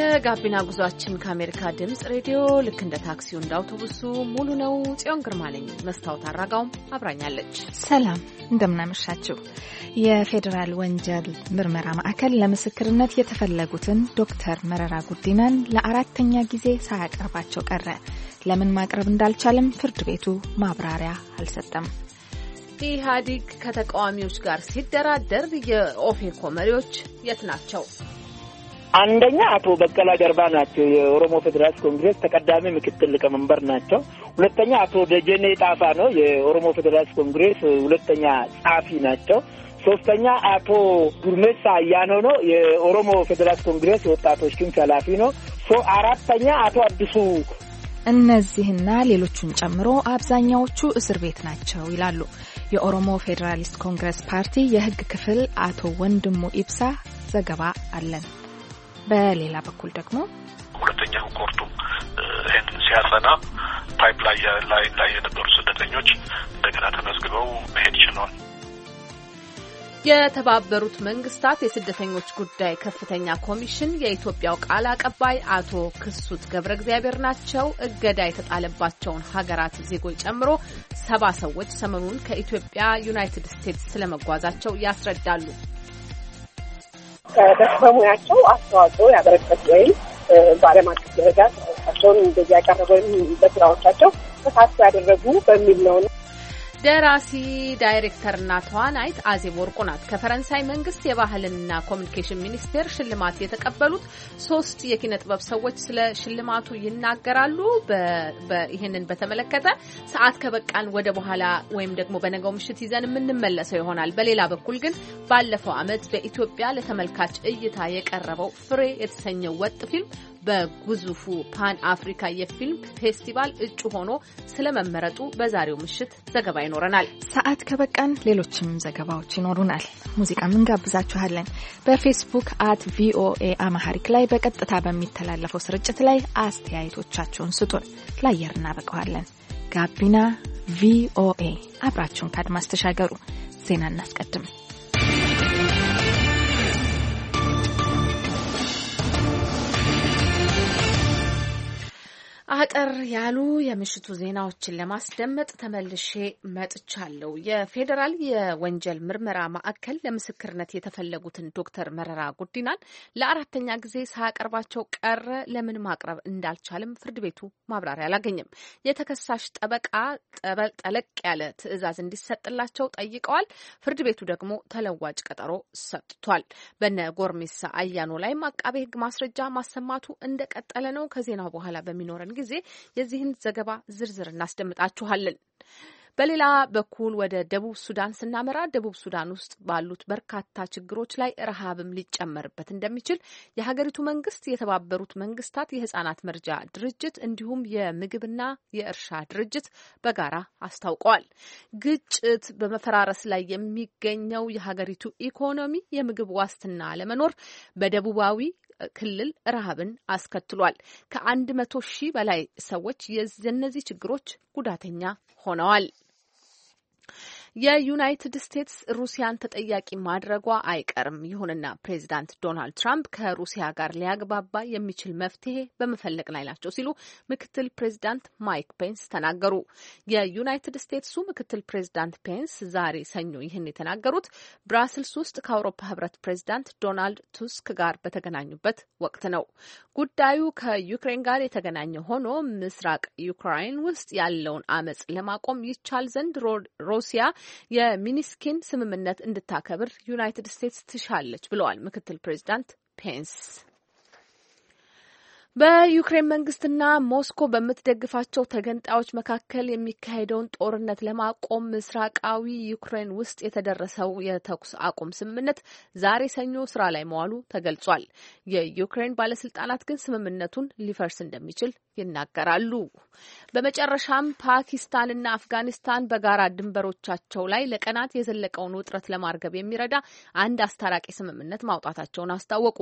የጋቢና ጉዟችን ከአሜሪካ ድምፅ ሬዲዮ ልክ እንደ ታክሲው እንደ አውቶቡሱ ሙሉ ነው። ጽዮን ግርማ ነኝ። መስታወት አራጋውም አብራኛለች። ሰላም እንደምናመሻችው። የፌዴራል ወንጀል ምርመራ ማዕከል ለምስክርነት የተፈለጉትን ዶክተር መረራ ጉዲናን ለአራተኛ ጊዜ ሳያቀርባቸው ቀረ። ለምን ማቅረብ እንዳልቻለም ፍርድ ቤቱ ማብራሪያ አልሰጠም። ኢህአዲግ ከተቃዋሚዎች ጋር ሲደራደር የኦፌኮ መሪዎች የት ናቸው? አንደኛ አቶ በቀላ ገርባ ናቸው፣ የኦሮሞ ፌዴራሊስት ኮንግሬስ ተቀዳሚ ምክትል ሊቀመንበር ናቸው። ሁለተኛ አቶ ደጀኔ ጣፋ ነው፣ የኦሮሞ ፌዴራሊስት ኮንግሬስ ሁለተኛ ጸሐፊ ናቸው። ሶስተኛ አቶ ጉርሜሳ አያኖ ነው፣ የኦሮሞ ፌዴራሊስት ኮንግሬስ የወጣቶች ክንፍ ኃላፊ ነው። አራተኛ አቶ አዲሱ እነዚህና ሌሎቹን ጨምሮ አብዛኛዎቹ እስር ቤት ናቸው ይላሉ የኦሮሞ ፌዴራሊስት ኮንግረስ ፓርቲ የህግ ክፍል አቶ ወንድሙ ኢብሳ ዘገባ አለን። በሌላ በኩል ደግሞ ሁለተኛው ኮርቱ ይህንን ሲያጸና ፓይፕ ላይ ላይ የነበሩ ስደተኞች እንደገና ተመዝግበው መሄድ ችለዋል። የተባበሩት መንግስታት የስደተኞች ጉዳይ ከፍተኛ ኮሚሽን የኢትዮጵያው ቃል አቀባይ አቶ ክሱት ገብረ እግዚአብሔር ናቸው። እገዳ የተጣለባቸውን ሀገራት ዜጎች ጨምሮ ሰባ ሰዎች ሰሞኑን ከኢትዮጵያ ዩናይትድ ስቴትስ ስለመጓዛቸው ያስረዳሉ። በሙያቸው አስተዋጽኦ ያበረከቱ ወይም በዓለም አቀፍ ደረጃ ስራዎቻቸውን እንደዚህ ያቀረቡ ወይም በስራዎቻቸው ተሳትፎ ያደረጉ በሚል ነው። ደራሲ ዳይሬክተርና ተዋናይት አዜብ ወርቁ ናት። ከፈረንሳይ መንግስት የባህልና ኮሚኒኬሽን ሚኒስቴር ሽልማት የተቀበሉት ሶስት የኪነ ጥበብ ሰዎች ስለ ሽልማቱ ይናገራሉ። ይህንን በተመለከተ ሰዓት ከበቃን ወደ በኋላ ወይም ደግሞ በነገው ምሽት ይዘን የምንመለሰው ይሆናል። በሌላ በኩል ግን ባለፈው ዓመት በኢትዮጵያ ለተመልካች እይታ የቀረበው ፍሬ የተሰኘው ወጥ ፊልም በግዙፉ ፓን አፍሪካ የፊልም ፌስቲቫል እጩ ሆኖ ስለመመረጡ በዛሬው ምሽት ዘገባ ይኖረናል። ሰዓት ከበቃን ሌሎችም ዘገባዎች ይኖሩናል። ሙዚቃም እንጋብዛችኋለን። በፌስቡክ አት ቪኦኤ አማሐሪክ ላይ በቀጥታ በሚተላለፈው ስርጭት ላይ አስተያየቶቻችሁን ስጡን፣ ለአየር እናበቀዋለን። ጋቢና ቪኦኤ አብራችሁን ከአድማስ ተሻገሩ። ዜና እናስቀድም። አጠር ያሉ የምሽቱ ዜናዎችን ለማስደመጥ ተመልሼ መጥቻለሁ። የፌዴራል የወንጀል ምርመራ ማዕከል ለምስክርነት የተፈለጉትን ዶክተር መረራ ጉዲናን ለአራተኛ ጊዜ ሳያቀርባቸው ቀረ። ለምን ማቅረብ እንዳልቻልም ፍርድ ቤቱ ማብራሪያ አላገኘም። የተከሳሽ ጠበቃ ጠለቅ ያለ ትዕዛዝ እንዲሰጥላቸው ጠይቀዋል። ፍርድ ቤቱ ደግሞ ተለዋጭ ቀጠሮ ሰጥቷል። በነ ጎርሜሳ አያኖ ላይም አቃቤ ሕግ ማስረጃ ማሰማቱ እንደቀጠለ ነው። ከዜናው በኋላ በሚኖረን ጊዜ የዚህን ዘገባ ዝርዝር እናስደምጣችኋለን። በሌላ በኩል ወደ ደቡብ ሱዳን ስናመራ ደቡብ ሱዳን ውስጥ ባሉት በርካታ ችግሮች ላይ ረሃብም ሊጨመርበት እንደሚችል የሀገሪቱ መንግስት፣ የተባበሩት መንግስታት የህጻናት መርጃ ድርጅት እንዲሁም የምግብና የእርሻ ድርጅት በጋራ አስታውቀዋል። ግጭት በመፈራረስ ላይ የሚገኘው የሀገሪቱ ኢኮኖሚ የምግብ ዋስትና ለመኖር በደቡባዊ ክልል ረሃብን አስከትሏል። ከአንድ መቶ ሺህ በላይ ሰዎች የእነዚህ ችግሮች ጉዳተኛ ሆነዋል። የዩናይትድ ስቴትስ ሩሲያን ተጠያቂ ማድረጓ አይቀርም። ይሁንና ፕሬዚዳንት ዶናልድ ትራምፕ ከሩሲያ ጋር ሊያግባባ የሚችል መፍትሄ በመፈለግ ላይ ናቸው ሲሉ ምክትል ፕሬዚዳንት ማይክ ፔንስ ተናገሩ። የዩናይትድ ስቴትሱ ምክትል ፕሬዚዳንት ፔንስ ዛሬ ሰኞ ይህን የተናገሩት ብራስልስ ውስጥ ከአውሮፓ ህብረት ፕሬዚዳንት ዶናልድ ቱስክ ጋር በተገናኙበት ወቅት ነው። ጉዳዩ ከዩክሬን ጋር የተገናኘ ሆኖ ምስራቅ ዩክራይን ውስጥ ያለውን አመጽ ለማቆም ይቻል ዘንድ ሮሲያ ። የሚኒስኪን ስምምነት እንድታከብር ዩናይትድ ስቴትስ ትሻለች ብለዋል ምክትል ፕሬዚዳንት ፔንስ። በዩክሬን መንግስትና ሞስኮ በምትደግፋቸው ተገንጣዮች መካከል የሚካሄደውን ጦርነት ለማቆም ምስራቃዊ ዩክሬን ውስጥ የተደረሰው የተኩስ አቁም ስምምነት ዛሬ ሰኞ ስራ ላይ መዋሉ ተገልጿል። የዩክሬን ባለስልጣናት ግን ስምምነቱን ሊፈርስ እንደሚችል ይናገራሉ። በመጨረሻም ፓኪስታንና አፍጋኒስታን በጋራ ድንበሮቻቸው ላይ ለቀናት የዘለቀውን ውጥረት ለማርገብ የሚረዳ አንድ አስታራቂ ስምምነት ማውጣታቸውን አስታወቁ።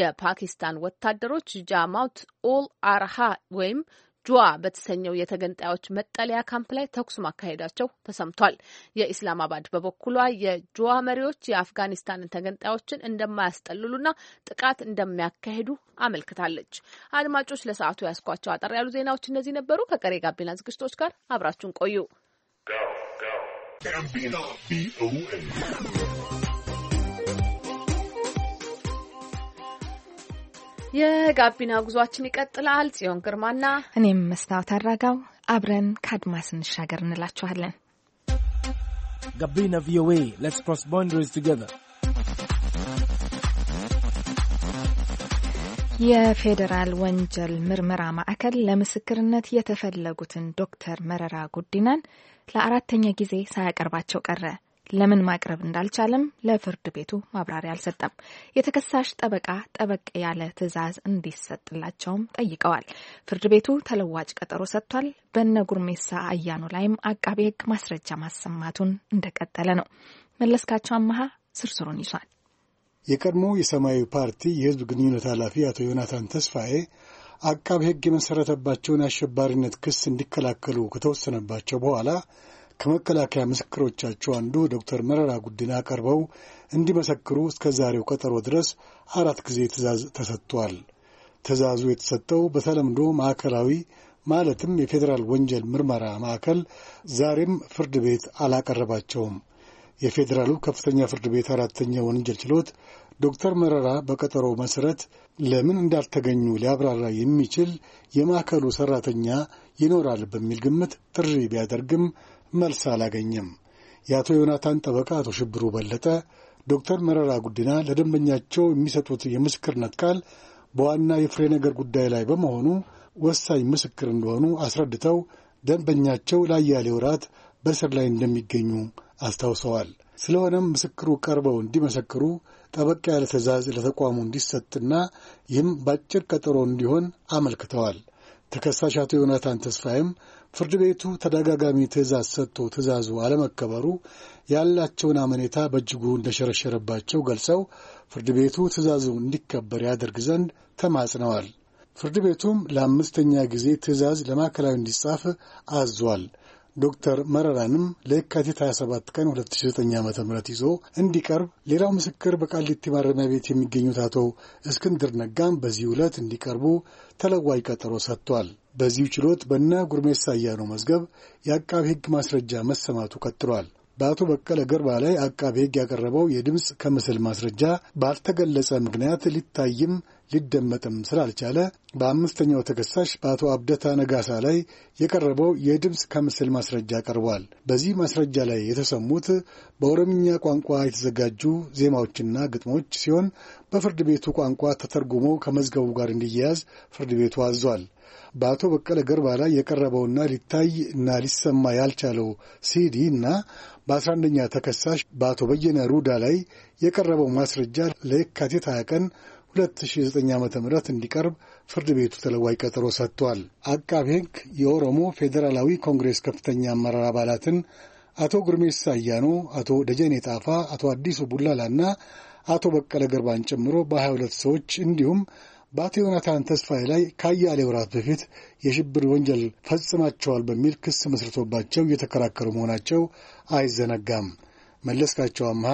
የፓኪስታን ወታደሮች ጃማውት ኦል አርሃ ወይም ጁዋ በተሰኘው የተገንጣዮች መጠለያ ካምፕ ላይ ተኩስ ማካሄዳቸው ተሰምቷል። የኢስላማባድ በበኩሏ የጁዋ መሪዎች የአፍጋኒስታንን ተገንጣዮችን እንደማያስጠልሉና ጥቃት እንደሚያካሂዱ አመልክታለች። አድማጮች ለሰዓቱ ያስኳቸው አጠር ያሉ ዜናዎች እነዚህ ነበሩ። ከቀሬ ጋቢና ዝግጅቶች ጋር አብራችሁን ቆዩ። የጋቢና ጉዟችን ይቀጥላል። ጽዮን ግርማና እኔም መስታወት አራጋው አብረን ከአድማስ እንሻገር እንላችኋለን። ጋቢና ቪኦኤ ሌትስ ክሮስ ቦንደሪስ ቱጌዘር የፌዴራል ወንጀል ምርመራ ማዕከል ለምስክርነት የተፈለጉትን ዶክተር መረራ ጉዲናን ለአራተኛ ጊዜ ሳያቀርባቸው ቀረ። ለምን ማቅረብ እንዳልቻለም ለፍርድ ቤቱ ማብራሪያ አልሰጠም። የተከሳሽ ጠበቃ ጠበቅ ያለ ትዕዛዝ እንዲሰጥላቸውም ጠይቀዋል። ፍርድ ቤቱ ተለዋጭ ቀጠሮ ሰጥቷል። በነ ጉርሜሳ አያኑ ላይም አቃቤ ሕግ ማስረጃ ማሰማቱን እንደቀጠለ ነው። መለስካቸው አመሃ ዝርዝሩን ይዟል። የቀድሞ የሰማያዊ ፓርቲ የህዝብ ግንኙነት ኃላፊ አቶ ዮናታን ተስፋዬ አቃቤ ሕግ የመሰረተባቸውን አሸባሪነት ክስ እንዲከላከሉ ከተወሰነባቸው በኋላ ከመከላከያ ምስክሮቻቸው አንዱ ዶክተር መረራ ጉዲና ቀርበው እንዲመሰክሩ እስከ ዛሬው ቀጠሮ ድረስ አራት ጊዜ ትዕዛዝ ተሰጥቷል። ትዕዛዙ የተሰጠው በተለምዶ ማዕከላዊ ማለትም የፌዴራል ወንጀል ምርመራ ማዕከል ዛሬም ፍርድ ቤት አላቀረባቸውም። የፌዴራሉ ከፍተኛ ፍርድ ቤት አራተኛ ወንጀል ችሎት ዶክተር መረራ በቀጠሮ መሠረት ለምን እንዳልተገኙ ሊያብራራ የሚችል የማዕከሉ ሠራተኛ ይኖራል በሚል ግምት ጥሪ ቢያደርግም መልስ አላገኘም። የአቶ ዮናታን ጠበቃ አቶ ሽብሩ በለጠ ዶክተር መረራ ጉዲና ለደንበኛቸው የሚሰጡት የምስክርነት ቃል በዋና የፍሬ ነገር ጉዳይ ላይ በመሆኑ ወሳኝ ምስክር እንደሆኑ አስረድተው ደንበኛቸው ለአያሌ ወራት በእስር ላይ እንደሚገኙ አስታውሰዋል። ስለሆነም ምስክሩ ቀርበው እንዲመሰክሩ ጠበቅ ያለ ትዕዛዝ ለተቋሙ እንዲሰጥና ይህም በአጭር ቀጠሮ እንዲሆን አመልክተዋል። ተከሳሽ አቶ ዮናታን ተስፋዬም ፍርድ ቤቱ ተደጋጋሚ ትእዛዝ ሰጥቶ ትእዛዙ አለመከበሩ ያላቸውን አመኔታ በእጅጉ እንደሸረሸረባቸው ገልጸው ፍርድ ቤቱ ትእዛዙ እንዲከበር ያደርግ ዘንድ ተማጽነዋል። ፍርድ ቤቱም ለአምስተኛ ጊዜ ትእዛዝ ለማዕከላዊ እንዲጻፍ አዟል። ዶክተር መረራንም ለየካቲት 27 ቀን 2009 ዓ ም ይዞ እንዲቀርብ፣ ሌላው ምስክር በቃሊቲ ማረሚያ ቤት የሚገኙት አቶ እስክንድር ነጋም በዚህ ዕለት እንዲቀርቡ ተለዋጅ ቀጠሮ ሰጥቷል። በዚሁ ችሎት በእነ ጉርሜሳ አያኖ መዝገብ የአቃቢ ሕግ ማስረጃ መሰማቱ ቀጥሏል። በአቶ በቀለ ገርባ ላይ አቃቢ ሕግ ያቀረበው የድምፅ ከምስል ማስረጃ ባልተገለጸ ምክንያት ሊታይም ሊደመጥም ስላልቻለ በአምስተኛው ተከሳሽ በአቶ አብደታ ነጋሳ ላይ የቀረበው የድምፅ ከምስል ማስረጃ ቀርቧል። በዚህ ማስረጃ ላይ የተሰሙት በኦሮምኛ ቋንቋ የተዘጋጁ ዜማዎችና ግጥሞች ሲሆን በፍርድ ቤቱ ቋንቋ ተተርጉሞ ከመዝገቡ ጋር እንዲያያዝ ፍርድ ቤቱ አዟል። በአቶ በቀለ ገርባ ላይ የቀረበውና ሊታይ እና ሊሰማ ያልቻለው ሲዲ እና በአስራ አንደኛ ተከሳሽ በአቶ በየነ ሩዳ ላይ የቀረበው ማስረጃ ለየካቲት ቀን 2009 ዓ ም እንዲቀርብ ፍርድ ቤቱ ተለዋጭ ቀጠሮ ሰጥቷል። አቃቤ ሕግ የኦሮሞ ፌዴራላዊ ኮንግሬስ ከፍተኛ አመራር አባላትን አቶ ጉርሜሳ አያኖ፣ አቶ ደጀኔ ጣፋ፣ አቶ አዲሱ ቡላላና አቶ በቀለ ገርባን ጨምሮ በ22 ሰዎች እንዲሁም በአቶ ዮናታን ተስፋዬ ላይ ከአያሌ ወራት በፊት የሽብር ወንጀል ፈጽማቸዋል በሚል ክስ መስርቶባቸው እየተከራከሩ መሆናቸው አይዘነጋም። መለስካቸው አምሃ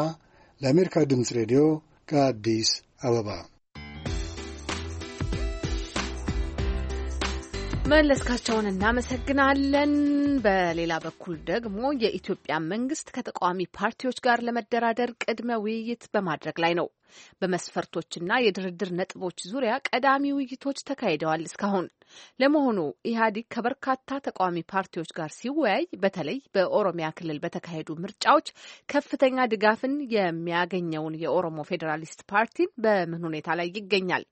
ለአሜሪካ ድምፅ ሬዲዮ ከአዲስ አበባ መለስካቸውን እናመሰግናለን። በሌላ በኩል ደግሞ የኢትዮጵያ መንግስት ከተቃዋሚ ፓርቲዎች ጋር ለመደራደር ቅድመ ውይይት በማድረግ ላይ ነው። በመስፈርቶችና የድርድር ነጥቦች ዙሪያ ቀዳሚ ውይይቶች ተካሂደዋል። እስካሁን ለመሆኑ ኢህአዲግ ከበርካታ ተቃዋሚ ፓርቲዎች ጋር ሲወያይ በተለይ በኦሮሚያ ክልል በተካሄዱ ምርጫዎች ከፍተኛ ድጋፍን የሚያገኘውን የኦሮሞ ፌዴራሊስት ፓርቲን በምን ሁኔታ ላይ ይገኛል?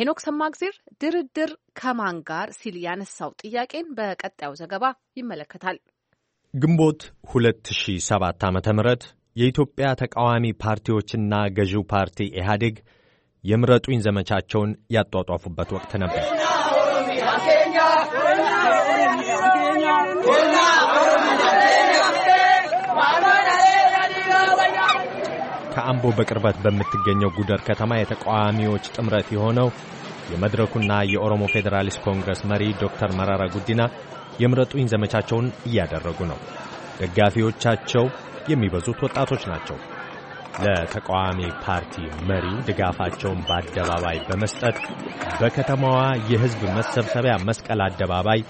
ሄኖክ ሰማግዜር ድርድር ከማን ጋር ሲል ያነሳው ጥያቄን በቀጣዩ ዘገባ ይመለከታል። ግንቦት 2007 ዓ.ም የኢትዮጵያ ተቃዋሚ ፓርቲዎችና ገዢው ፓርቲ ኢህአዴግ የምረጡኝ ዘመቻቸውን ያጧጧፉበት ወቅት ነበር። ከአምቦ በቅርበት በምትገኘው ጉደር ከተማ የተቃዋሚዎች ጥምረት የሆነው የመድረኩና የኦሮሞ ፌዴራሊስት ኮንግረስ መሪ ዶክተር መራራ ጉዲና የምረጡኝ ዘመቻቸውን እያደረጉ ነው። ደጋፊዎቻቸው የሚበዙት ወጣቶች ናቸው። ለተቃዋሚ ፓርቲ መሪ ድጋፋቸውን በአደባባይ በመስጠት በከተማዋ የሕዝብ መሰብሰቢያ መስቀል አደባባይ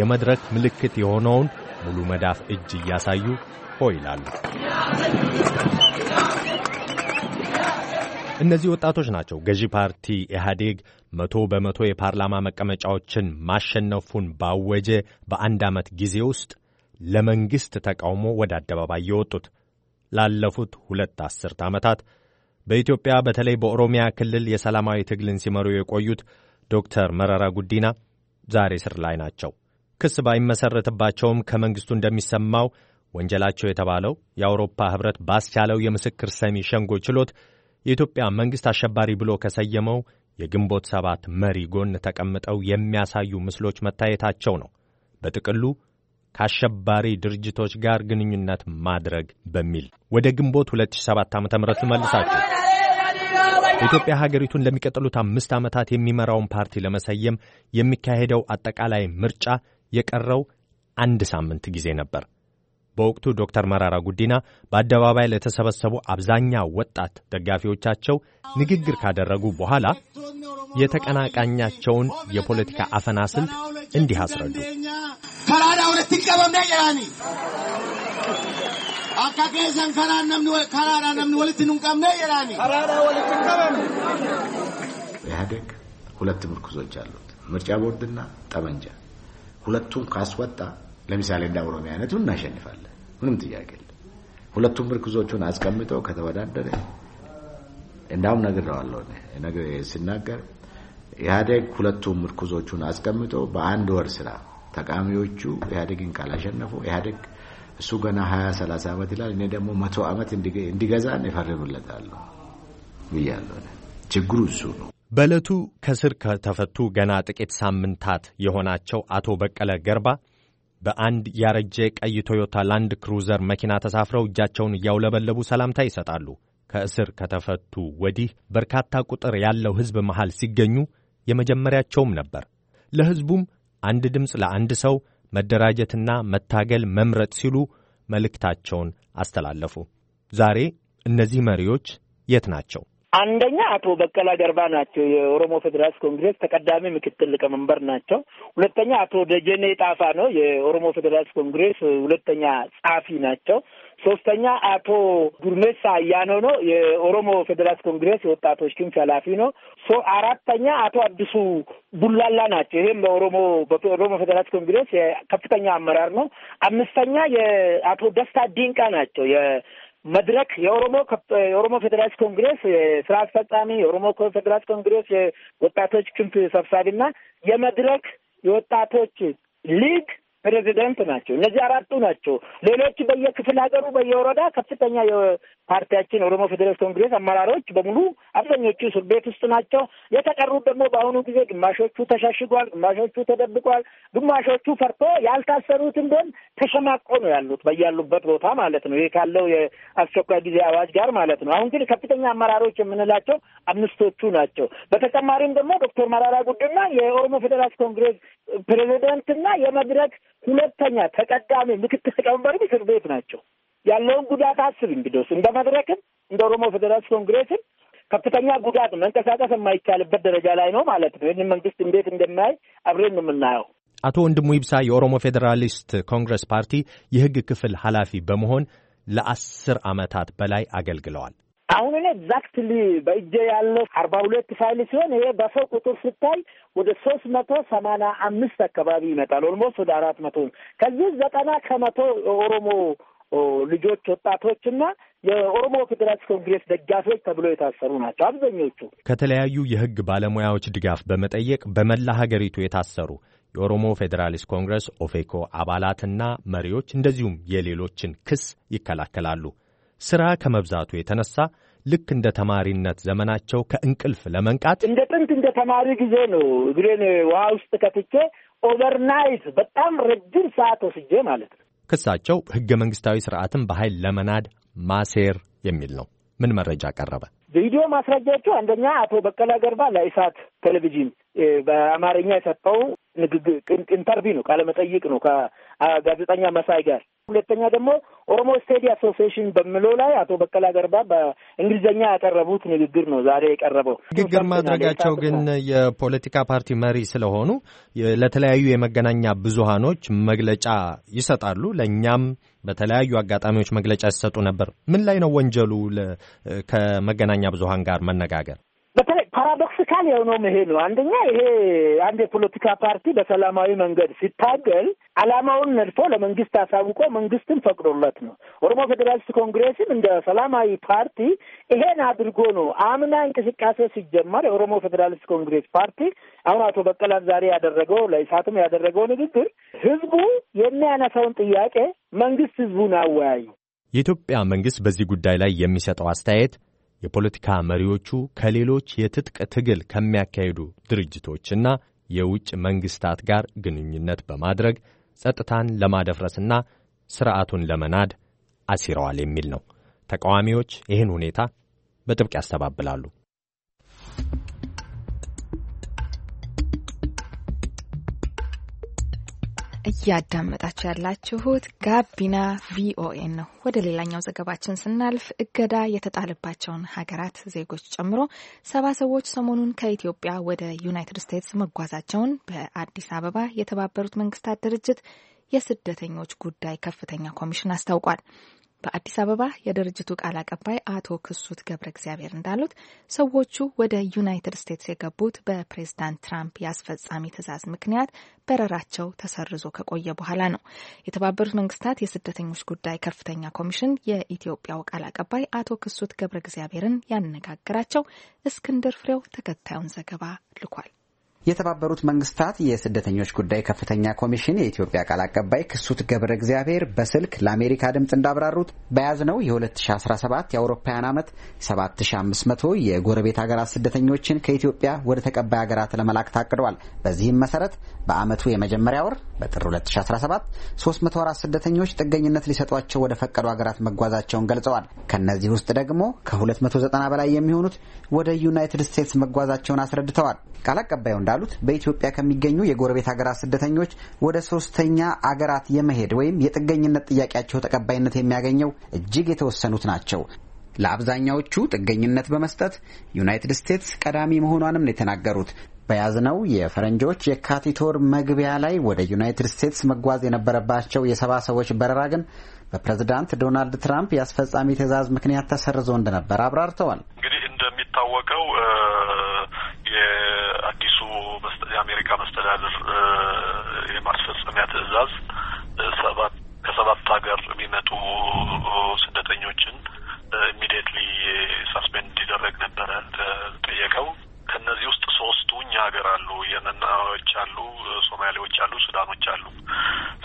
የመድረክ ምልክት የሆነውን ሙሉ መዳፍ እጅ እያሳዩ ሆ ይላሉ። እነዚህ ወጣቶች ናቸው ገዢ ፓርቲ ኢህአዴግ መቶ በመቶ የፓርላማ መቀመጫዎችን ማሸነፉን ባወጀ በአንድ ዓመት ጊዜ ውስጥ ለመንግሥት ተቃውሞ ወደ አደባባይ የወጡት ላለፉት ሁለት አስርት ዓመታት በኢትዮጵያ በተለይ በኦሮሚያ ክልል የሰላማዊ ትግልን ሲመሩ የቆዩት ዶክተር መረራ ጉዲና ዛሬ ስር ላይ ናቸው። ክስ ባይመሠረትባቸውም ከመንግሥቱ እንደሚሰማው ወንጀላቸው የተባለው የአውሮፓ ኅብረት ባስቻለው የምስክር ሰሚ ሸንጎ ችሎት የኢትዮጵያ መንግሥት አሸባሪ ብሎ ከሰየመው የግንቦት ሰባት መሪ ጎን ተቀምጠው የሚያሳዩ ምስሎች መታየታቸው ነው። በጥቅሉ ከአሸባሪ ድርጅቶች ጋር ግንኙነት ማድረግ በሚል ወደ ግንቦት 2007 ዓ ም መልሳቸው ኢትዮጵያ ሀገሪቱን ለሚቀጥሉት አምስት ዓመታት የሚመራውን ፓርቲ ለመሰየም የሚካሄደው አጠቃላይ ምርጫ የቀረው አንድ ሳምንት ጊዜ ነበር። በወቅቱ ዶክተር መራራ ጉዲና በአደባባይ ለተሰበሰቡ አብዛኛው ወጣት ደጋፊዎቻቸው ንግግር ካደረጉ በኋላ የተቀናቃኛቸውን የፖለቲካ አፈና ስልት እንዲህ አስረዱ። ኢህአዴግ ሁለት ምርኩዞች አሉት፣ ምርጫ ቦርድና ጠመንጃ። ሁለቱም ካስወጣ ለምሳሌ እንደ ኦሮሚያ አይነቱን እናሸንፋለን። ምንም ጥያቄ ሁለቱም ምርኩዞቹን አስቀምጠው ከተወዳደረ እንዳውም ነግሬዋለሁ ስናገር ኢህአዴግ ሁለቱም ምርኩዞቹን አስቀምጦ በአንድ ወር ስራ ተቃሚዎቹ ኢህአዴግን ካላሸነፉ ኢህአዴግ እሱ ገና ሀያ ሰላሳ ዓመት ይላል እኔ ደግሞ መቶ ዓመት እንዲገዛን እፈርምለታለሁ ብያለሁ። ችግሩ እሱ ነው። በዕለቱ ከስር ከተፈቱ ገና ጥቂት ሳምንታት የሆናቸው አቶ በቀለ ገርባ በአንድ ያረጀ ቀይ ቶዮታ ላንድ ክሩዘር መኪና ተሳፍረው እጃቸውን እያውለበለቡ ሰላምታ ይሰጣሉ። ከእስር ከተፈቱ ወዲህ በርካታ ቁጥር ያለው ሕዝብ መሃል ሲገኙ የመጀመሪያቸውም ነበር። ለሕዝቡም አንድ ድምፅ ለአንድ ሰው መደራጀትና መታገል መምረጥ ሲሉ መልእክታቸውን አስተላለፉ። ዛሬ እነዚህ መሪዎች የት ናቸው? አንደኛ አቶ በቀላ ገርባ ናቸው፣ የኦሮሞ ፌዴራሊስት ኮንግሬስ ተቀዳሚ ምክትል ሊቀመንበር ናቸው። ሁለተኛ አቶ ደጀኔ ጣፋ ነው፣ የኦሮሞ ፌዴራሊስት ኮንግሬስ ሁለተኛ ጸሐፊ ናቸው። ሶስተኛ አቶ ዱርሜሳ አያኖ ነው፣ የኦሮሞ ፌዴራሊስት ኮንግሬስ የወጣቶች ክንፍ ኃላፊ ነው። ሶ አራተኛ አቶ አዲሱ ቡላላ ናቸው። ይህም በኦሮሞ በኦሮሞ ፌዴራሊስት ኮንግሬስ ከፍተኛ አመራር ነው። አምስተኛ የአቶ ደስታ ዲንቃ ናቸው መድረክ የኦሮሞ የኦሮሞ ፌዴራሊስት ኮንግሬስ ስራ አስፈጻሚ የኦሮሞ ፌዴራሊስት ኮንግሬስ የወጣቶች ክንፍ ሰብሳቢና የመድረክ የወጣቶች ሊግ ፕሬዚደንት ናቸው። እነዚህ አራቱ ናቸው። ሌሎች በየክፍል ሀገሩ በየወረዳ ከፍተኛ የፓርቲያችን ኦሮሞ ፌዴራል ኮንግሬስ አመራሮች በሙሉ አብዛኞቹ እስር ቤት ውስጥ ናቸው። የተቀሩት ደግሞ በአሁኑ ጊዜ ግማሾቹ ተሻሽጓል ግማሾቹ ተደብቋል፣ ግማሾቹ ፈርቶ ያልታሰሩት እንደሆን ተሸማቆ ነው ያሉት በያሉበት ቦታ ማለት ነው። ይህ ካለው የአስቸኳይ ጊዜ አዋጅ ጋር ማለት ነው። አሁን ግን ከፍተኛ አመራሮች የምንላቸው አምስቶቹ ናቸው። በተጨማሪም ደግሞ ዶክተር መራራ ጉዲና የኦሮሞ ፌዴራል ኮንግሬስ እና የመድረክ ሁለተኛ ተቀዳሚ ምክትል ሊቀመንበር እስር ቤት ናቸው። ያለውን ጉዳት አስብ። እንግዲህ እንደ መድረክም እንደ ኦሮሞ ፌዴራልስ ኮንግሬስም ከፍተኛ ጉዳት መንቀሳቀስ የማይቻልበት ደረጃ ላይ ነው ማለት ነው። ይህንን መንግስት እንዴት እንደማያይ አብሬን የምናየው። አቶ ወንድሙ ይብሳ የኦሮሞ ፌዴራሊስት ኮንግረስ ፓርቲ የህግ ክፍል ኃላፊ በመሆን ለአስር ዓመታት በላይ አገልግለዋል። አሁን እኔ ኤግዛክትሊ በእጄ ያለው አርባ ሁለት ፋይል ሲሆን ይሄ በሰው ቁጥር ስታይ ወደ ሶስት መቶ ሰማንያ አምስት አካባቢ ይመጣል። ኦልሞስት ወደ አራት መቶ ከዚህ ዘጠና ከመቶ የኦሮሞ ልጆች ወጣቶች ወጣቶችና የኦሮሞ ፌዴራልስ ኮንግሬስ ደጋፊዎች ተብሎ የታሰሩ ናቸው። አብዛኞቹ ከተለያዩ የህግ ባለሙያዎች ድጋፍ በመጠየቅ በመላ ሀገሪቱ የታሰሩ የኦሮሞ ፌዴራሊስት ኮንግረስ ኦፌኮ አባላትና መሪዎች እንደዚሁም የሌሎችን ክስ ይከላከላሉ። ሥራ ከመብዛቱ የተነሳ ልክ እንደ ተማሪነት ዘመናቸው ከእንቅልፍ ለመንቃት እንደ ጥንት እንደ ተማሪ ጊዜ ነው። እግሬን ውሃ ውስጥ ከትቼ ኦቨርናይት በጣም ረጅም ሰዓት ወስጄ ማለት ነው። ክሳቸው ሕገ መንግሥታዊ ስርዓትን በኃይል ለመናድ ማሴር የሚል ነው። ምን መረጃ ቀረበ? ቪዲዮ ማስረጃቸው አንደኛ አቶ በቀለ ገርባ ለኢሳት ቴሌቪዥን በአማርኛ የሰጠው ንግግ ኢንተርቪው ነው፣ ቃለመጠይቅ ነው ከጋዜጠኛ መሳይ ጋር ሁለተኛ ደግሞ ኦሮሞ ስቴዲ አሶሲሽን በምለው ላይ አቶ በቀላ ገርባ በእንግሊዝኛ ያቀረቡት ንግግር ነው ዛሬ የቀረበው። ንግግር ማድረጋቸው ግን የፖለቲካ ፓርቲ መሪ ስለሆኑ ለተለያዩ የመገናኛ ብዙሃኖች መግለጫ ይሰጣሉ። ለእኛም በተለያዩ አጋጣሚዎች መግለጫ ሲሰጡ ነበር። ምን ላይ ነው ወንጀሉ? ከመገናኛ ብዙሃን ጋር መነጋገር በተለይ አሁን የሆነውም ነው። አንደኛ ይሄ አንድ የፖለቲካ ፓርቲ በሰላማዊ መንገድ ሲታገል አላማውን ነድፎ ለመንግስት አሳውቆ መንግስትን ፈቅዶለት ነው። ኦሮሞ ፌዴራሊስት ኮንግሬስም እንደ ሰላማዊ ፓርቲ ይሄን አድርጎ ነው አምና እንቅስቃሴ ሲጀመር የኦሮሞ ፌዴራሊስት ኮንግሬስ ፓርቲ አሁን አቶ በቀላት ዛሬ ያደረገው ለኢሳትም ያደረገው ንግግር ህዝቡ የሚያነሳውን ጥያቄ መንግስት ህዝቡን አወያዩ። የኢትዮጵያ መንግስት በዚህ ጉዳይ ላይ የሚሰጠው አስተያየት የፖለቲካ መሪዎቹ ከሌሎች የትጥቅ ትግል ከሚያካሂዱ ድርጅቶችና የውጭ መንግስታት ጋር ግንኙነት በማድረግ ጸጥታን ለማደፍረስና ስርዓቱን ለመናድ አሲረዋል የሚል ነው። ተቃዋሚዎች ይህን ሁኔታ በጥብቅ ያስተባብላሉ። እያዳመጣችሁ ያላችሁት ጋቢና ቪኦኤ ነው። ወደ ሌላኛው ዘገባችን ስናልፍ እገዳ የተጣለባቸውን ሀገራት ዜጎች ጨምሮ ሰባ ሰዎች ሰሞኑን ከኢትዮጵያ ወደ ዩናይትድ ስቴትስ መጓዛቸውን በአዲስ አበባ የተባበሩት መንግስታት ድርጅት የስደተኞች ጉዳይ ከፍተኛ ኮሚሽን አስታውቋል። በአዲስ አበባ የድርጅቱ ቃል አቀባይ አቶ ክሱት ገብረ እግዚአብሔር እንዳሉት ሰዎቹ ወደ ዩናይትድ ስቴትስ የገቡት በፕሬዝዳንት ትራምፕ የአስፈጻሚ ትዕዛዝ ምክንያት በረራቸው ተሰርዞ ከቆየ በኋላ ነው። የተባበሩት መንግስታት የስደተኞች ጉዳይ ከፍተኛ ኮሚሽን የኢትዮጵያው ቃል አቀባይ አቶ ክሱት ገብረ እግዚአብሔርን ያነጋገራቸው እስክንድር ፍሬው ተከታዩን ዘገባ ልኳል። የተባበሩት መንግስታት የስደተኞች ጉዳይ ከፍተኛ ኮሚሽን የኢትዮጵያ ቃል አቀባይ ክሱት ገብረ እግዚአብሔር በስልክ ለአሜሪካ ድምፅ እንዳብራሩት በያዝነው የ2017 የአውሮፓውያን ዓመት 7500 የጎረቤት ሀገራት ስደተኞችን ከኢትዮጵያ ወደ ተቀባይ ሀገራት ለመላክ ታቅደዋል። በዚህም መሰረት በአመቱ የመጀመሪያ ወር በጥር 2017 304 ስደተኞች ጥገኝነት ሊሰጧቸው ወደ ፈቀዱ ሀገራት መጓዛቸውን ገልጸዋል። ከእነዚህ ውስጥ ደግሞ ከ290 በላይ የሚሆኑት ወደ ዩናይትድ ስቴትስ መጓዛቸውን አስረድተዋል። ቃል አቀባዩ እንዳሉት በኢትዮጵያ ከሚገኙ የጎረቤት ሀገራት ስደተኞች ወደ ሶስተኛ አገራት የመሄድ ወይም የጥገኝነት ጥያቄያቸው ተቀባይነት የሚያገኘው እጅግ የተወሰኑት ናቸው። ለአብዛኛዎቹ ጥገኝነት በመስጠት ዩናይትድ ስቴትስ ቀዳሚ መሆኗንም ነው የተናገሩት። በያዝነው የፈረንጆች የካቲት ወር መግቢያ ላይ ወደ ዩናይትድ ስቴትስ መጓዝ የነበረባቸው የሰባ ሰዎች በረራ ግን በፕሬዝዳንት ዶናልድ ትራምፕ የአስፈጻሚ ትዕዛዝ ምክንያት ተሰርዞ እንደነበር አብራርተዋል። እንግዲህ እንደሚታወቀው የአዲሱ የመልካም መስተዳድር የማስፈጸሚያ ትዕዛዝ ሰባት ከሰባት ሀገር የሚመጡ ስደተኞችን ኢሚዲየትሊ ሳስፔንድ እንዲደረግ ነበረ ጠየቀው። ከእነዚህ ውስጥ ሶስቱ እኛ ሀገር አሉ፣ የመናዎች አሉ፣ ሶማሌዎች አሉ፣ ሱዳኖች አሉ።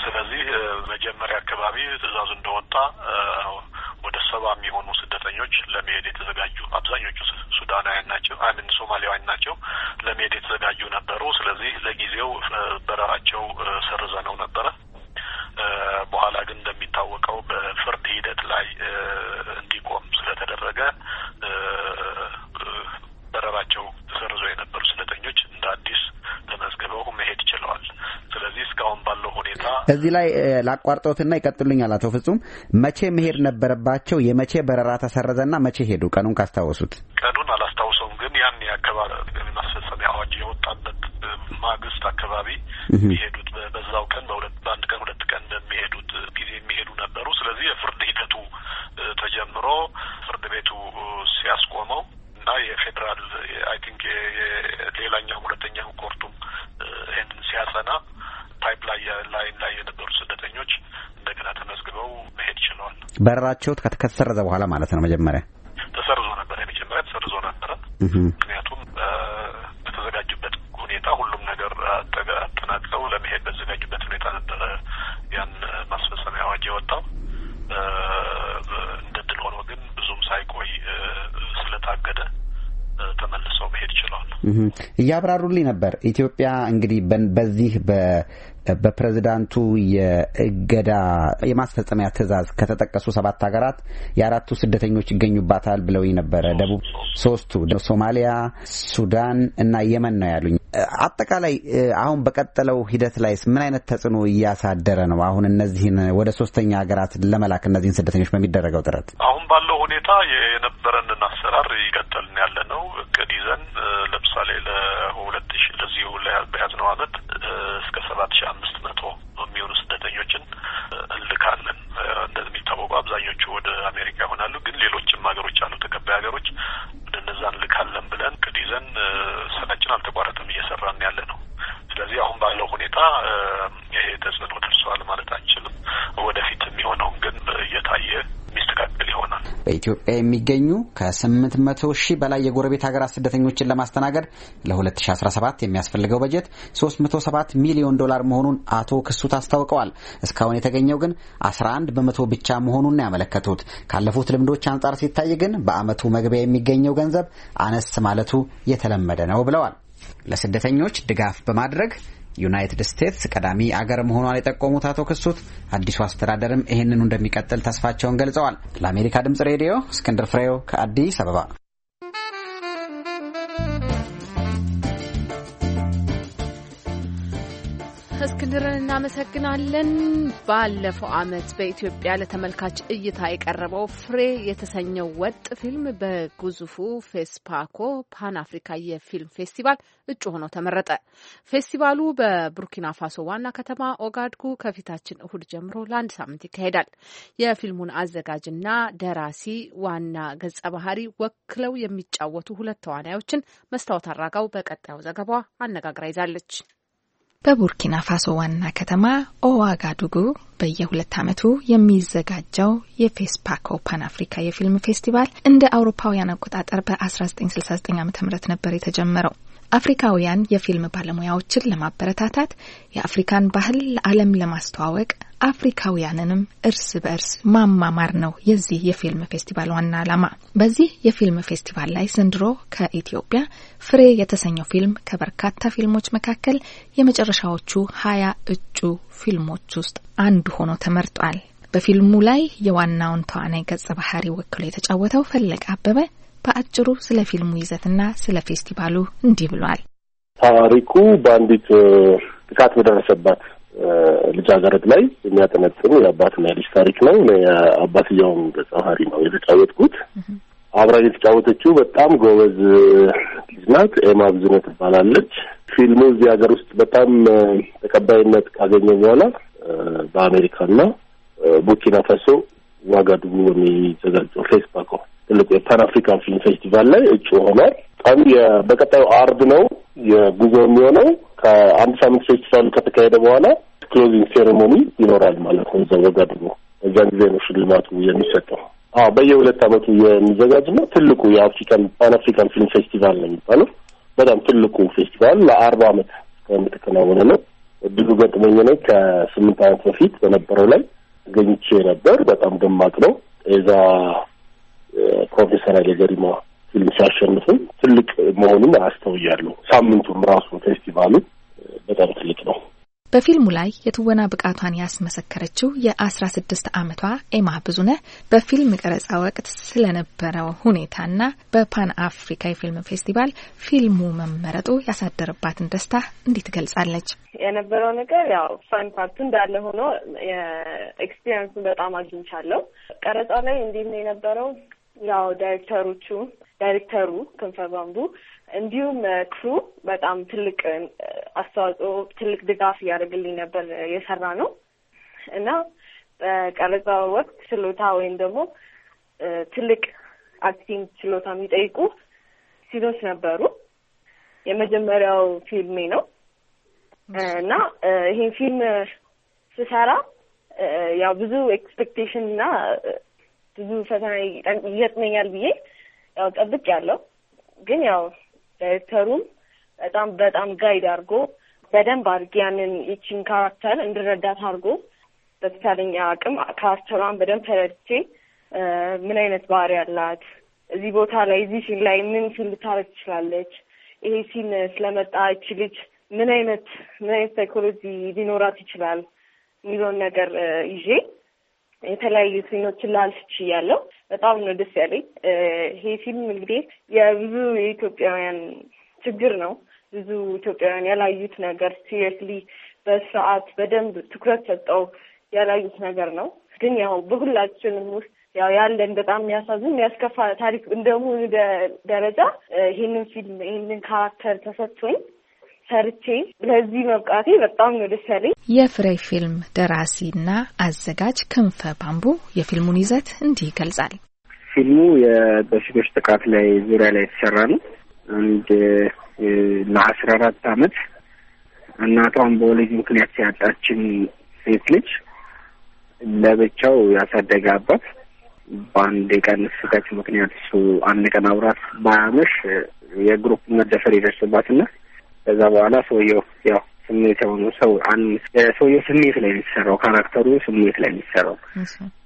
ስለዚህ መጀመሪያ አካባቢ ትዕዛዙ እንደወጣ ወደ ሰባ የሚሆኑ ስደተኞች ለመሄድ የተዘጋጁ አብዛኞቹ ሱዳናውያን ናቸው፣ አምን ሶማሊያውያን ናቸው። ለመሄድ የተዘጋጁ ነበሩ። ስለዚህ ለጊዜው በረራቸው ሰርዘ ነው እዚህ ላይ ላቋርጠውትና ይቀጥሉኛል አቶ ፍጹም። መቼ መሄድ ነበረባቸው? የመቼ በረራ ተሰረዘና መቼ ሄዱ? ቀኑን ካስታወሱት። ቀኑን አላስታውሰውም፣ ግን ያን የአካባቢ ማስፈጸሚያ አዋጅ የወጣበት ማግስት አካባቢ ሄዱ በረራቸው ከተሰረዘ በኋላ ማለት ነው። መጀመሪያ ተሰርዞ ነበረ። የመጀመሪያ ተሰርዞ ነበረ። ምክንያቱም በተዘጋጁበት ሁኔታ ሁሉም ነገር አጠናቅቀው ለመሄድ በተዘጋጁበት ሁኔታ ነበረ ያን ማስፈጸሚያ አዋጅ የወጣው። እንደ ድል ሆኖ ግን ብዙም ሳይቆይ ስለታገደ ተመልሰው መሄድ ችለዋል። እያብራሩልኝ ነበር። ኢትዮጵያ እንግዲህ በዚህ በፕሬዝዳንቱ የእገዳ የማስፈጸሚያ ትዕዛዝ ከተጠቀሱ ሰባት ሀገራት የአራቱ ስደተኞች ይገኙባታል ብለው ነበረ። ደቡብ ሶስቱ ሶማሊያ፣ ሱዳን እና የመን ነው ያሉኝ። አጠቃላይ አሁን በቀጠለው ሂደት ላይ ምን አይነት ተጽዕኖ እያሳደረ ነው? አሁን እነዚህን ወደ ሶስተኛ ሀገራት ለመላክ እነዚህን ስደተኞች በሚደረገው ጥረት አሁን ባለው ሁኔታ የነበረንን አሰራር ይቀጠልን ያለ ነው። እቅድ ይዘን ለምሳሌ ለሁለት ሺ ለዚሁ ለያዝነው አመት እስከ ሰባት ሺ አምስት መቶ የሚሆኑ ስደተኞችን እንልካለን። እንደሚታወቁ አብዛኞቹ ወደ አሜሪካ ይሆናሉ፣ ግን ሌሎችም ሀገሮች አሉ ተቀባይ ሀገሮች በኢትዮጵያ የሚገኙ ከ800 ሺህ በላይ የጎረቤት ሀገራት ስደተኞችን ለማስተናገድ ለ2017 የሚያስፈልገው በጀት 307 ሚሊዮን ዶላር መሆኑን አቶ ክሱት አስታውቀዋል። እስካሁን የተገኘው ግን 11 በመቶ ብቻ መሆኑን ያመለከቱት ካለፉት ልምዶች አንጻር ሲታይ ግን በአመቱ መግቢያ የሚገኘው ገንዘብ አነስ ማለቱ የተለመደ ነው ብለዋል። ለስደተኞች ድጋፍ በማድረግ ዩናይትድ ስቴትስ ቀዳሚ አገር መሆኗን የጠቆሙት አቶ ክሱት አዲሱ አስተዳደርም ይህንኑ እንደሚቀጥል ተስፋቸውን ገልጸዋል። ለአሜሪካ ድምጽ ሬዲዮ እስክንድር ፍሬው ከአዲስ አበባ እስክንድርን እናመሰግናለን። ባለፈው ዓመት በኢትዮጵያ ለተመልካች እይታ የቀረበው ፍሬ የተሰኘው ወጥ ፊልም በግዙፉ ፌስፓኮ ፓን አፍሪካ የፊልም ፌስቲቫል እጩ ሆኖ ተመረጠ። ፌስቲቫሉ በቡርኪና ፋሶ ዋና ከተማ ኦጋድጉ ከፊታችን እሁድ ጀምሮ ለአንድ ሳምንት ይካሄዳል። የፊልሙን አዘጋጅና ደራሲ ዋና ገጸ ባህሪ ወክለው የሚጫወቱ ሁለት ተዋናዮችን መስታወት አራጋው በቀጣዩ ዘገባዋ አነጋግራ ይዛለች። በቡርኪና ፋሶ ዋና ከተማ ኦዋጋዱጉ በየሁለት ዓመቱ የሚዘጋጀው የፌስፓኮ ፓን አፍሪካ የፊልም ፌስቲቫል እንደ አውሮፓውያን አቆጣጠር በ1969 ዓ ም ነበር የተጀመረው። አፍሪካውያን የፊልም ባለሙያዎችን ለማበረታታት የአፍሪካን ባህል ለዓለም ለማስተዋወቅ አፍሪካውያንንም እርስ በእርስ ማማማር ነው የዚህ የፊልም ፌስቲቫል ዋና ዓላማ። በዚህ የፊልም ፌስቲቫል ላይ ዘንድሮ ከኢትዮጵያ ፍሬ የተሰኘው ፊልም ከበርካታ ፊልሞች መካከል የመጨረሻዎቹ ሀያ እጩ ፊልሞች ውስጥ አንዱ ሆኖ ተመርጧል። በፊልሙ ላይ የዋናውን ተዋናይ ገጸ ባህሪ ወክሎ የተጫወተው ፈለቀ አበበ በአጭሩ ስለ ፊልሙ ይዘትና ስለ ፌስቲቫሉ እንዲህ ብሏል። ታሪኩ በአንዲት ጥቃት በደረሰባት ልጃገረድ ላይ የሚያጠነጥን የአባትና ልጅ ታሪክ ነው። አባትየውን ገጸ ነው የተጫወትኩት። አብራ የተጫወተችው በጣም ጎበዝ ልጅ ናት። ኤማ ብዙነ ትባላለች። ፊልሙ እዚህ ሀገር ውስጥ በጣም ተቀባይነት ካገኘ በኋላ በአሜሪካና ቡርኪና ፋሶ ዋጋዱጉ የሚዘጋጀው ፌስፓኮ ትልቁ የፓን አፍሪካን ፊልም ፌስቲቫል ላይ እጩ ሆኗል። በጣም በቀጣዩ አርብ ነው የጉዞ የሚሆነው። ከአንድ ሳምንት ፌስቲቫል ከተካሄደ በኋላ ክሎዚንግ ሴሬሞኒ ይኖራል ማለት ነው። እዛ ደግሞ እዚያን ጊዜ ነው ሽልማቱ የሚሰጠው። አዎ በየሁለት ዓመቱ የሚዘጋጅ ነው። ትልቁ የአፍሪካን ፓን አፍሪካን ፊልም ፌስቲቫል ነው የሚባለው። በጣም ትልቁ ፌስቲቫል ለአርባ ዓመት ከምትከናወነ ነው። እድሉ ገጥመኝ ነው። ከስምንት ዓመት በፊት በነበረው ላይ ገኝቼ ነበር። በጣም ደማቅ ነው። እዛ ፕሮፌሰር ኃይለ ፊልም ሲያሸንፍም ትልቅ መሆኑን አስተውያለሁ። ሳምንቱም ራሱ ፌስቲቫሉ በጣም ትልቅ ነው። በፊልሙ ላይ የትወና ብቃቷን ያስመሰከረችው የአስራ ስድስት ዓመቷ ኤማ ብዙነ በፊልም ቀረጻ ወቅት ስለነበረው ሁኔታና በፓን አፍሪካ የፊልም ፌስቲቫል ፊልሙ መመረጡ ያሳደረባትን ደስታ እንዲህ ትገልጻለች። የነበረው ነገር ያው ፋን ፓርቱ እንዳለ ሆኖ ኤክስፒሪንሱን በጣም አግኝቻለሁ። ቀረጻ ላይ እንዲህ የነበረው ያው ዳይሬክተሮቹ ዳይሬክተሩ ክንፈ እንዲሁም ክሩ በጣም ትልቅ አስተዋጽኦ ትልቅ ድጋፍ እያደረግልኝ ነበር የሰራ ነው እና በቀረጻ ወቅት ችሎታ ወይም ደግሞ ትልቅ አክቲንግ ችሎታ የሚጠይቁ ሲኖች ነበሩ። የመጀመሪያው ፊልሜ ነው እና ይሄን ፊልም ስሰራ ያው ብዙ ኤክስፔክቴሽን እና ብዙ ፈተና ይገጥመኛል ብዬ ያው ጠብቅ ያለው ግን ያው ዳይሬክተሩም በጣም በጣም ጋይድ አድርጎ በደንብ አድርጌ ያንን ይቺን ካራክተር እንድረዳት አድርጎ በተቻለኛ አቅም ካራክተሯን በደንብ ተረድቼ ምን አይነት ባህሪ ያላት እዚህ ቦታ ላይ እዚህ ሲን ላይ ምን ሲን ልታረግ ትችላለች፣ ይሄ ሲን ስለመጣ ይቺ ልጅ ምን አይነት ምን አይነት ሳይኮሎጂ ሊኖራት ይችላል የሚለውን ነገር ይዤ የተለያዩ ፊልሞችን ላልስች እያለው በጣም ነው ደስ ያለኝ። ይሄ ፊልም እንግዲህ የብዙ የኢትዮጵያውያን ችግር ነው። ብዙ ኢትዮጵያውያን ያላዩት ነገር ሲሪየስሊ በስርዓት በደንብ ትኩረት ሰጠው ያላዩት ነገር ነው። ግን ያው በሁላችንም ውስጥ ያው ያለን በጣም የሚያሳዝን የሚያስከፋ ታሪክ እንደመሆኑ ደረጃ ይህንን ፊልም ይህንን ካራክተር ተሰጥቶኝ ሰርቼ ለዚህ መብቃቴ በጣም ነው ደስ ያለኝ። የፍሬ ፊልም ደራሲና አዘጋጅ ክንፈ ባምቡ የፊልሙን ይዘት እንዲህ ይገልጻል። ፊልሙ በሴቶች ጥቃት ላይ ዙሪያ ላይ የተሰራ ነው። አንድ ለአስራ አራት አመት እናቷን በወሊድ ምክንያት ያጣችን ሴት ልጅ ለብቻው ያሳደገ አባት በአንድ የቀን ስጋት ምክንያት እሱ አንድ ቀን አብራት ባያመሽ የግሩፕ መደፈር ይደርስባትና ከዛ በኋላ ሰውየው ያው ስሜት የሆኑ ሰው ሰውየው ስሜት ላይ የሚሰራው ካራክተሩ ስሜት ላይ የሚሰራው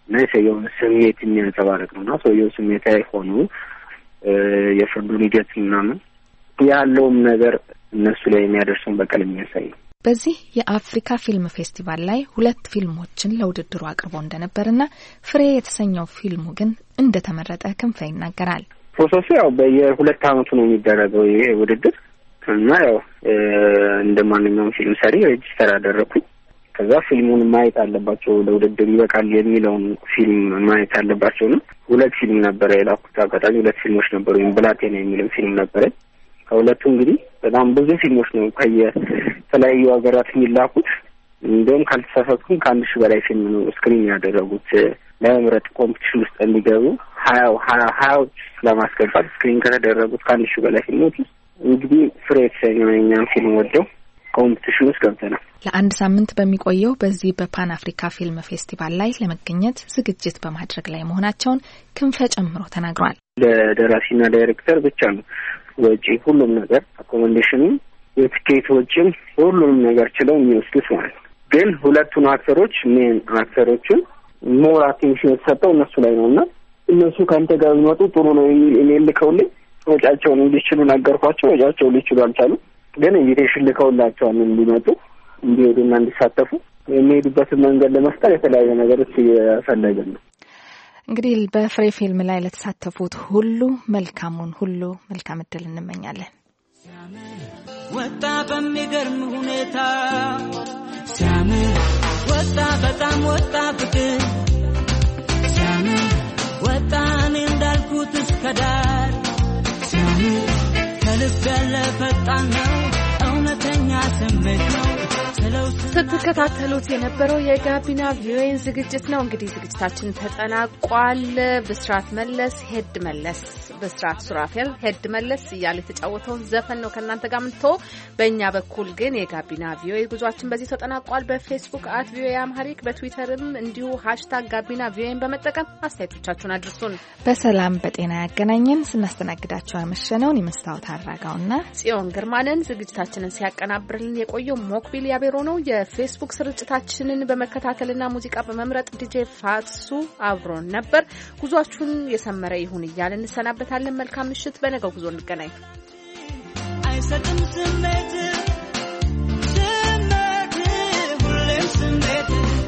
እና የሰውየው ስሜት የሚያንጸባረቅ ነው እና ሰውየው ስሜታዊ ሆኑ የፍርዱን ሂደት ምናምን ያለውም ነገር እነሱ ላይ የሚያደርሱን በቀል የሚያሳይ ነው። በዚህ የአፍሪካ ፊልም ፌስቲቫል ላይ ሁለት ፊልሞችን ለውድድሩ አቅርቦ እንደነበርና ፍሬ የተሰኘው ፊልሙ ግን እንደተመረጠ ክንፈ ይናገራል። ፕሮሰሱ ያው በየሁለት ዓመቱ ነው የሚደረገው ይሄ ውድድር እና ያው እንደ ማንኛውም ፊልም ሰሪ ሬጅስተር አደረግኩኝ። ከዛ ፊልሙን ማየት አለባቸው ለውድድር ይበቃል የሚለውን ፊልም ማየት አለባቸው ነው። ሁለት ፊልም ነበረ የላኩት። አጋጣሚ ሁለት ፊልሞች ነበሩ። ወይም ብላቴና የሚልም ፊልም ነበረ። ከሁለቱ እንግዲህ በጣም ብዙ ፊልሞች ነው ከየተለያዩ ሀገራት የሚላኩት። እንዲሁም ካልተሳሳትኩም ከአንድ ሺህ በላይ ፊልም ነው ስክሪን ያደረጉት ለመምረጥ ኮምፒቲሽን ውስጥ እንዲገቡ ሀያው ሀያዎች ለማስገባት ስክሪን ከተደረጉት ከአንድ ሺህ በላይ ፊልሞች ውስጥ እንግዲህ ፍሬ የተሰኘው የኛም ፊልም ወደው ኮምፒቲሽን ውስጥ ገብተናል። ለአንድ ሳምንት በሚቆየው በዚህ በፓን አፍሪካ ፊልም ፌስቲቫል ላይ ለመገኘት ዝግጅት በማድረግ ላይ መሆናቸውን ክንፈ ጨምሮ ተናግሯል። ለደራሲና ዳይሬክተር ብቻ ነው ወጪ፣ ሁሉም ነገር አኮሞዴሽንም፣ የትኬት ወጪም ሁሉንም ነገር ችለው የሚወስዱት ማለት ነው። ግን ሁለቱን አክተሮች ሜን አክተሮችን ሞር አቴንሽን የተሰጠው እነሱ ላይ ነው እና እነሱ ከአንተ ጋር ቢመጡ ጥሩ ነው የሚል ኢሜል ልከውልኝ ወጪያቸውን እንዲችሉ ነገርኳቸው። ወጪያቸውን ሊችሉ አልቻሉ። ግን ኢንቪቴሽን ልከውላቸዋል እንዲመጡ እንዲሄዱና እንዲሳተፉ የሚሄዱበትን መንገድ ለመፍጠር የተለያዩ ነገሮች እየፈለግን ነው። እንግዲህ በፍሬ ፊልም ላይ ለተሳተፉት ሁሉ መልካሙን ሁሉ መልካም እድል እንመኛለን። ወጣ በሚገርም ሁኔታ ሲያምር ወጣ፣ በጣም ወጣ፣ ፍቅር ሲያምር ወጣ፣ እኔ እንዳልኩት እስከዳር ከልብ ያለ ፈጣን ነው እውነተኛ ስሜት ነው ስትከታተሉት የነበረው የጋቢና ቪዮኤን ዝግጅት ነው። እንግዲህ ዝግጅታችን ተጠናቋል። ብስራት መለስ ሄድ መለስ በስርዓት ሱራፌል ሄድ መለስ እያለ የተጫወተውን ዘፈን ነው ከእናንተ ጋር ምንቶ። በእኛ በኩል ግን የጋቢና ቪዮኤ ጉዟችን በዚህ ተጠናቋል። በፌስቡክ አት ቪዮኤ አምሃሪክ በትዊተርም እንዲሁ ሀሽታግ ጋቢና ቪዮኤን በመጠቀም አስተያየቶቻችሁን አድርሱን። በሰላም በጤና ያገናኘን። ስናስተናግዳቸው ያመሸነውን የመስታወት አድራጋውና ጽዮን ግርማንን ዝግጅታችንን ሲያቀናብርልን የቆየው ሞክቢል ያቤሮ ጀምሮ ነው። የፌስቡክ ስርጭታችንን በመከታተልና ሙዚቃ በመምረጥ ዲጄ ፋትሱ አብሮን ነበር። ጉዟችሁን የሰመረ ይሁን እያል እንሰናበታለን። መልካም ምሽት። በነገው ጉዞ እንገናኝ። አይሰጥም ስሜት ስሜት ሁሌም ስሜት